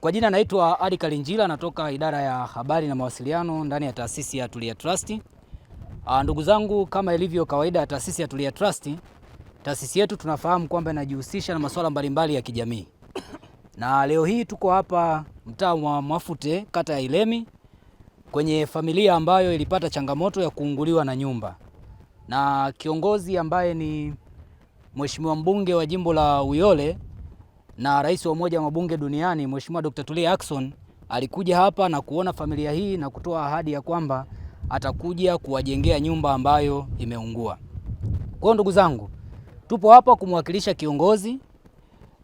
Kwa jina naitwa Ali Kalinjila, natoka idara ya habari na mawasiliano ndani ya taasisi ya Tulia Trust. Ah, ndugu zangu, kama ilivyo kawaida ya taasisi ya Tulia Trust, taasisi yetu tunafahamu kwamba inajihusisha na masuala mbalimbali ya kijamii, na leo hii tuko hapa mtaa wa Mwafute, kata ya Ilemi, kwenye familia ambayo ilipata changamoto ya kuunguliwa na nyumba, na kiongozi ambaye ni Mheshimiwa mbunge wa jimbo la Uyole na rais wa umoja wa mabunge duniani Mheshimiwa Dr. Tulia Ackson alikuja hapa na kuona familia hii na kutoa ahadi ya kwamba atakuja kuwajengea nyumba ambayo imeungua. Kwa ndugu zangu, tupo hapa kumwakilisha kiongozi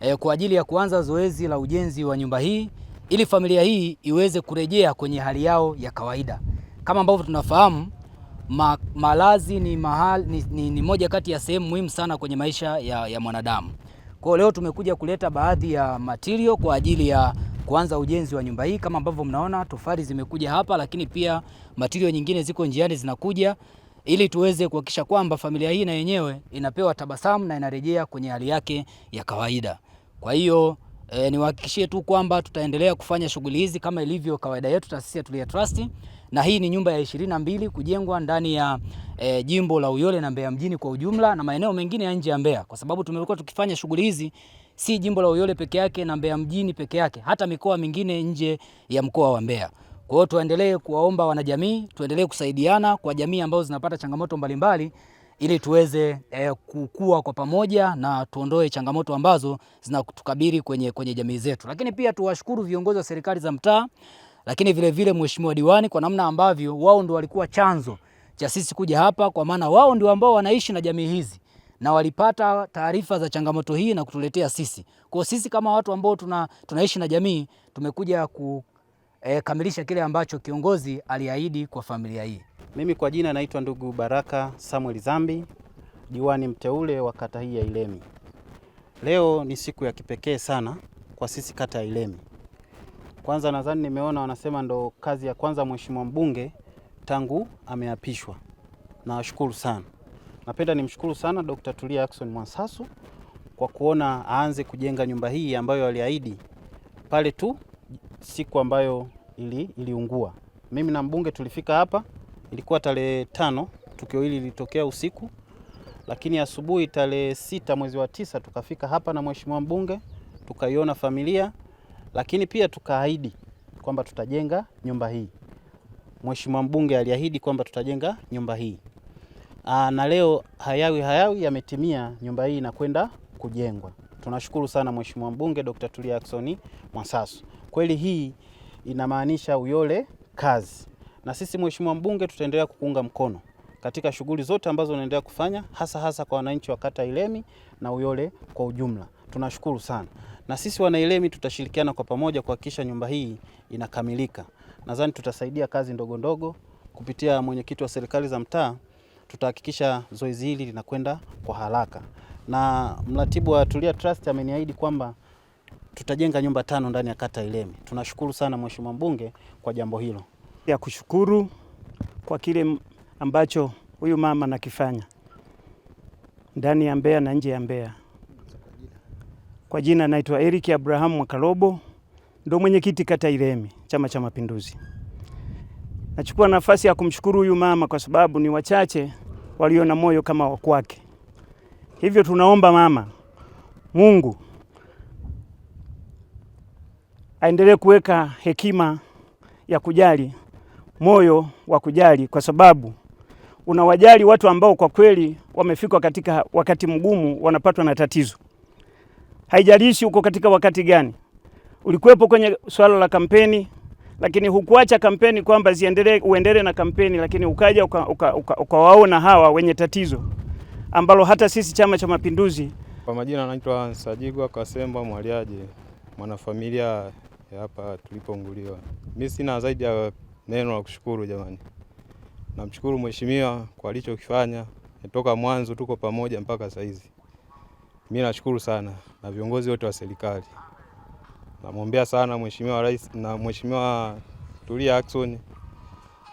eh, kwa ajili ya kuanza zoezi la ujenzi wa nyumba hii ili familia hii iweze kurejea kwenye hali yao ya kawaida. Kama ambavyo tunafahamu ma, malazi ni, mahali, ni, ni, ni moja kati ya sehemu muhimu sana kwenye maisha ya, ya mwanadamu. Kwa leo tumekuja kuleta baadhi ya material kwa ajili ya kuanza ujenzi wa nyumba hii. Kama ambavyo mnaona tofali zimekuja hapa, lakini pia material nyingine ziko njiani zinakuja, ili tuweze kuhakikisha kwamba familia hii na yenyewe inapewa tabasamu na inarejea kwenye hali yake ya kawaida. Kwa hiyo E, niwahakikishie tu kwamba tutaendelea kufanya shughuli hizi kama ilivyo kawaida yetu taasisi ya Tulia Trust, na hii ni nyumba ya ishirini na mbili kujengwa ndani ya e, jimbo la Uyole na Mbeya mjini kwa ujumla na maeneo mengine ya nje ya Mbeya, kwa sababu tumekuwa tukifanya shughuli hizi si jimbo la Uyole peke yake na Mbeya mjini peke yake, hata mikoa mingine nje ya mkoa wa Mbeya. Kwa hiyo tuendelee kuwaomba wanajamii, tuendelee kusaidiana kwa jamii ambazo zinapata changamoto mbalimbali ili tuweze e, kukua kwa pamoja na tuondoe changamoto ambazo zinatukabili kwenye, kwenye jamii zetu. Lakini pia tuwashukuru viongozi wa serikali za mtaa, lakini vilevile mheshimiwa diwani kwa namna ambavyo wao ndio walikuwa chanzo cha sisi kuja hapa, kwa maana wao ndio ambao wanaishi na jamii hizi na walipata taarifa za changamoto hii na kutuletea sisi. Kwa sisi kama watu ambao tuna, tunaishi na jamii tumekuja eh, kukamilisha kile ambacho kiongozi aliahidi kwa familia hii. Mimi kwa jina naitwa ndugu Baraka Samuel Zambi, diwani mteule wa kata hii ya Ilemi. Leo ni siku ya kipekee sana kwa sisi kata ya Ilemi. Kwanza nadhani nimeona wanasema ndo kazi ya kwanza mheshimiwa mbunge tangu ameapishwa. Nawashukuru sana. Napenda nimshukuru sana Dr. Tulia Ackson Mwansasu kwa kuona aanze kujenga nyumba hii ambayo aliahidi pale tu siku ambayo ili, iliungua. Mimi na mbunge tulifika hapa Ilikuwa tarehe tano, tukio hili lilitokea usiku, lakini asubuhi tarehe sita mwezi wa tisa tukafika hapa na mheshimiwa mbunge tukaiona familia, lakini pia tukaahidi kwamba tutajenga nyumba hii. Mheshimiwa mbunge aliahidi kwamba tutajenga nyumba hii aa, na leo hayawi hayawi yametimia, nyumba hii inakwenda kujengwa. Tunashukuru sana Mheshimiwa mbunge Dr. Tulia Ackson Mwasasu, kweli hii inamaanisha Uyole kazi na sisi mheshimiwa mbunge tutaendelea kukuunga mkono katika shughuli zote ambazo unaendelea kufanya hasa hasa kwa wananchi wa kata Ilemi na Uyole kwa ujumla. Tunashukuru sana, na sisi wana Ilemi tutashirikiana kwa pamoja kuhakikisha nyumba hii inakamilika. Nadhani tutasaidia kazi ndogo ndogo kupitia mwenyekiti wa serikali za mtaa, tutahakikisha zoezi hili linakwenda kwa haraka, na mratibu wa Tulia Trust ameniahidi kwamba tutajenga nyumba tano ndani ya kata Ilemi. Tunashukuru sana mheshimiwa mbunge kwa jambo hilo ya kushukuru kwa kile ambacho huyu mama anakifanya ndani ya Mbeya na nje ya Mbeya. Kwa jina naitwa Eric Abraham Mwakalobo, ndo mwenyekiti kata Iremi, Chama cha Mapinduzi. Nachukua nafasi ya kumshukuru huyu mama kwa sababu ni wachache walio na moyo kama wa kwake. Hivyo tunaomba mama, Mungu aendelee kuweka hekima ya kujali moyo wa kujali, kwa sababu unawajali watu ambao kwa kweli wamefikwa katika wakati mgumu, wanapatwa na tatizo. Haijalishi uko katika wakati gani, ulikuwepo kwenye swala la kampeni, lakini hukuacha kampeni kwamba ziendelee, uendelee na kampeni, lakini ukaja ukawaona uka, uka, uka hawa wenye tatizo ambalo hata sisi Chama cha Mapinduzi. Kwa majina anaitwa Nsajigwa Kasemba Mwaliaje, mwanafamilia hapa tulipounguliwa. Mimi sina zaidi ya neno la kushukuru jamani. Namshukuru mheshimiwa kwa alichokifanya toka mwanzo, tuko pamoja mpaka sasa hizi. Mimi nashukuru sana na viongozi wote wa serikali. Namwombea sana mheshimiwa rais na mheshimiwa Tulia Ackson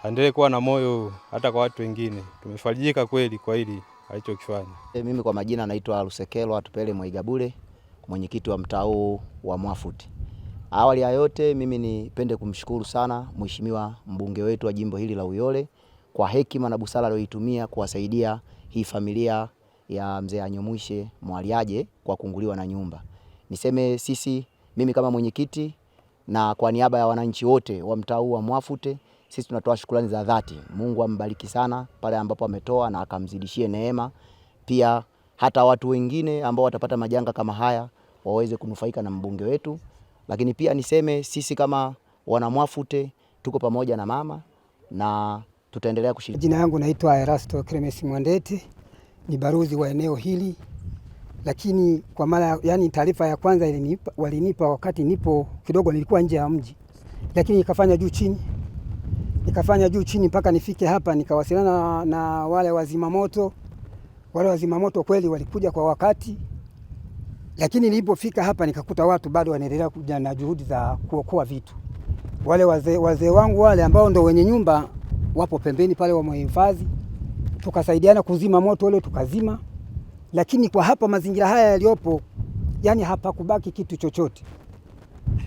aendelee kuwa na moyo hata kwa watu wengine. Tumefarijika kweli kwa hili alichokifanya. E, mimi kwa majina naitwa Lusekelo Atupele Mwaigabule, mwenyekiti wa mtaa wa Mwafuti. Awali ya yote mimi nipende kumshukuru sana mheshimiwa mbunge wetu wa jimbo hili la Uyole kwa hekima na busara aliyoitumia kuwasaidia hii familia ya mzee anyomwishe Mwaliaje kwa kunguliwa na nyumba. Niseme sisi, mimi kama mwenyekiti na kwa niaba ya wananchi wote wa mtaa huu wa Mwafute, sisi tunatoa shukrani za dhati. Mungu ambariki sana pale ambapo ametoa na akamzidishie neema, pia hata watu wengine ambao watapata majanga kama haya waweze kunufaika na mbunge wetu. Lakini pia niseme sisi kama wanamwafute tuko pamoja na mama na tutaendelea kushiriki. Jina yangu naitwa Erasto Kremes Mwandete, ni baruzi wa eneo hili, lakini kwa mara yani, taarifa ya kwanza ilinipa, walinipa wakati nipo kidogo, nilikuwa nje ya mji, lakini nikafanya juu chini, nikafanya juu chini mpaka nifike hapa, nikawasiliana na wale wazimamoto. Wale wazimamoto kweli walikuja kwa wakati lakini nilipofika hapa nikakuta watu bado wanaendelea kuja na juhudi za kuokoa vitu. Wale wazee wazee wangu wale ambao ndo wenye nyumba wapo pembeni pale wamehifadhi, tukasaidiana kuzima moto ule tukazima. Lakini kwa hapa mazingira haya yaliyopo, yani hapakubaki kitu chochote.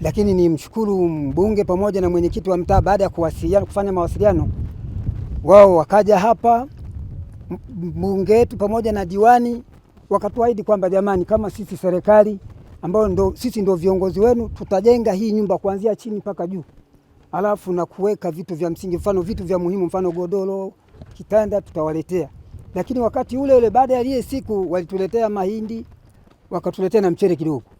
Lakini nimshukuru mbunge pamoja na mwenyekiti wa mtaa, baada ya kuwasiliana kufanya mawasiliano, wao wakaja hapa, mbunge wetu pamoja na diwani wakatuahidi kwamba jamani, kama sisi serikali ambayo ndo, sisi ndo viongozi wenu tutajenga hii nyumba kuanzia chini mpaka juu, alafu na kuweka vitu vya msingi, mfano vitu vya muhimu, mfano godoro, kitanda tutawaletea. Lakini wakati ule ule baada ya ile siku walituletea mahindi, wakatuletea na mchele kidogo.